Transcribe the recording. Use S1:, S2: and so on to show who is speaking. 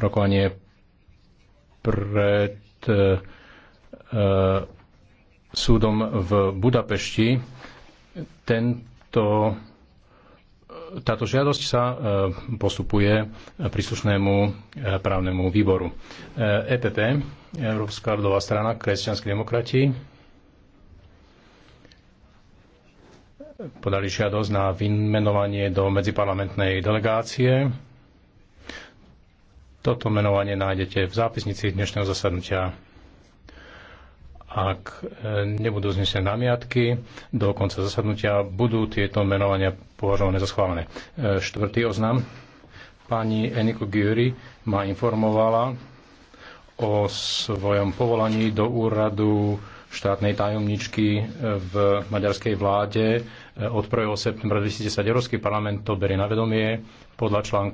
S1: rokovanie pred eh, súdom v Budapešti. Tento, táto žiadosť sa eh, postupuje príslušnému eh, právnemu výboru. EPP, e Európska ľudová strana, kresťanskí demokrati, podali žiadosť na vymenovanie do medziparlamentnej delegácie toto menovanie nájdete v zápisnici dnešného zasadnutia. Ak e, nebudú znesené námiatky, do konca zasadnutia budú tieto menovania považované za schválené. E, štvrtý oznam. Pani Eniko Gyuri ma informovala o svojom povolaní do úradu štátnej tajomničky e, v maďarskej vláde od 1. septembra 2010 Európsky parlament to berie na vedomie podľa článku